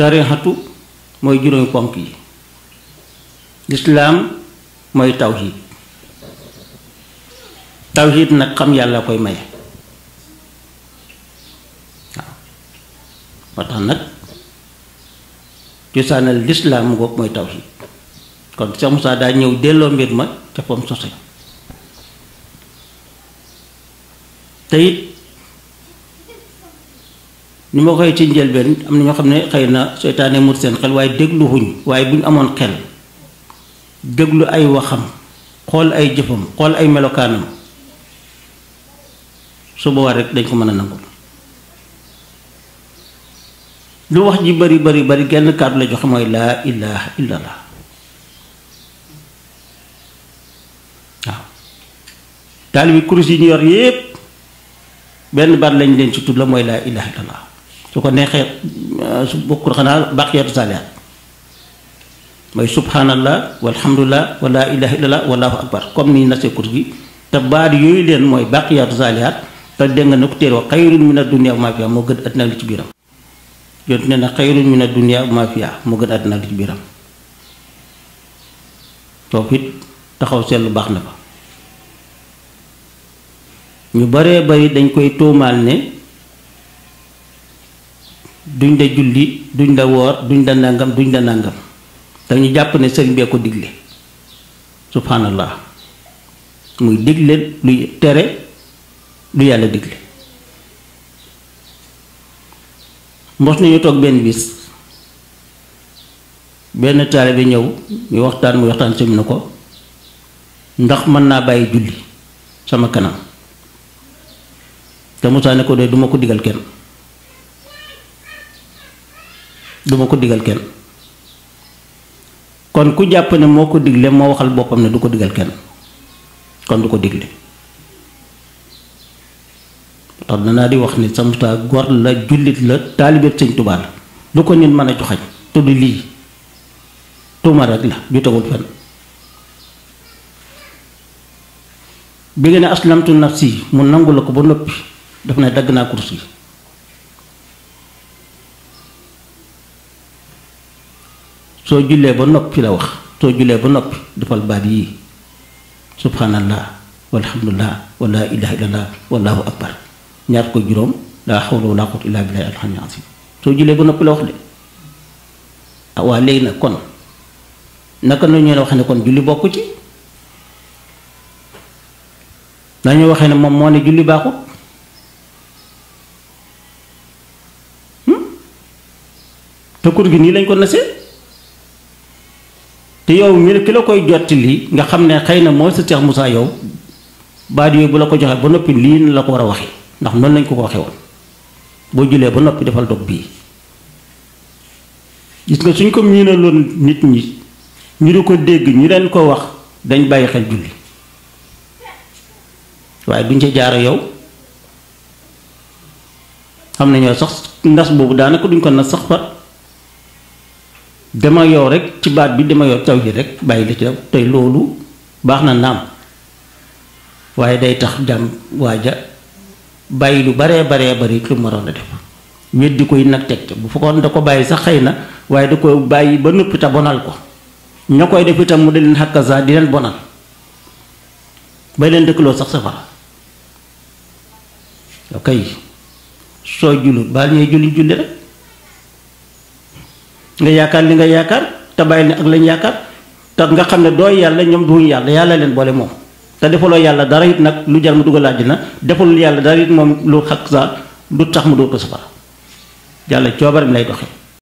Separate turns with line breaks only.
sarihatu mooy juróomi ponk yi lislaam mooy tawxiid tawxiid nag xam yàlla koy maye waaw moo tax nag cosaanal lislaam mu ngoog mooy tawxiid kon Cheikh Moussa daa ñëw delloo mbir ma ca fam sose te it ni ma koy ci njëlbeen am na ñoo xam ne xëy na seytaane mut seen xel waaye déglu wuñ waaye bu ñu amoon xel déglu ay waxam xool ay jëfam xool ay melokaanam su boobaa rek dañ ko mën a nangul lu wax ji bari bari bari genn kàddu la joxe mooy laa illaa ilaha la waaw taalibi kurus yi ñu yor yépp benn baat lañ leen ci tudd la mooy laa ilaha illallah su ko neexee su bokkul xanaa baqiyatu saalihaat mooy subhanallah walhamdulillah wa laa ilaha illallah wallahu akbar comme ni nasee kut gi te baat yooyu leen mooy baqiyatu saalihaat te dégg nga ne ko téere wa xayrun min addunia maa fiha moo gën àddina li ci biiram yonent nee na xayrun min addunia maa fiha moo gën àddina li ci biiram foofu it taxaw seetlu baax na fa ñu baree bari dañ koy tuumaal ne duñ la julli duñ la woor duñ la nangam duñ la nangam dañu jàpp ne sëriñ bee ko digle subhanallah muy digle luy tere lu yàlla digle mos nañu toog benn bis benn bi ñëw ñu waxtaan mu waxtaan sami na ko ndax mën naa bàyyi julli sama kanam te Musaa ne ko de duma ko digal kenn du ma ko digal kenn kon ku jàpp ne moo ko digle moo waxal boppam ne du ko digal kenn kon du ko digle tax danaa di wax ni samuta gor la jullit la taalibeeb sëñ Tuubaa lu ko nit mën a joxañ tudd lii tuuma la ju tegul fenn bi nga ne aslamtu nafsi mu nangu la ko ba noppi daf ne dagg naa kurus gi soo jullee ba noppi la wax soo jullee ba noppi defal baat yii subhanallah walhamdulillah wa laa ilaha illallah wallahu akbar ñaar ko juróom laa xawla wala quwwata illa billahi alhamdulilah soo jullee ba noppi la wax de ah waa léegi nag kon naka la ñu wax ne kon julli bokk ci dañu waxee ne moom moo ne julli baaxut te kur gi nii lañ ko nasee te yow mi ki la koy jotti li nga xam ne xëy na mooy sa Cheikh Moussa yow baat yooyu bu la ko joxee ba noppi lii la ko war a waxee ndax noonu lañ ko ko waxee woon boo julee ba noppi defal dog bii gis nga suñ ko miinaloon nit ñi ñu di ko dégg ñu leen ko wax dañ bàyyi xel julli waaye duñ ca jaara yow xam nañoo sax nas boobu daanaka duñ ko nas sax far dama yow rek ci baat bi dama yow taw ji rek bàyyi la ci daw tey loolu baax na naam waaye day tax jàmm waaja bàyyi lu baree baree bari lu maroon a def weddi koy nag teg bu fekkoon da ko bàyyi sax xëy na waaye du ko bàyyi ba noppi te bonal ko ña koy def itam mu di leen xàkkasaa di leen bonal bay leen dëkkaloo sax safara ok soo jullu baal ñuy julli julli rek nga yaakaar li nga yaakaar te bàyyi ne ak lañ yaakaar te nga xam ne dooy yàlla ñoom duñ yàlla yàlla leen boole moom te defaloo yàlla dara it nag lu jar mu dugal dina defalul yàlla dara it moom lu xaq sa du tax mu dugg ko safara yàlla coobaram lay doxee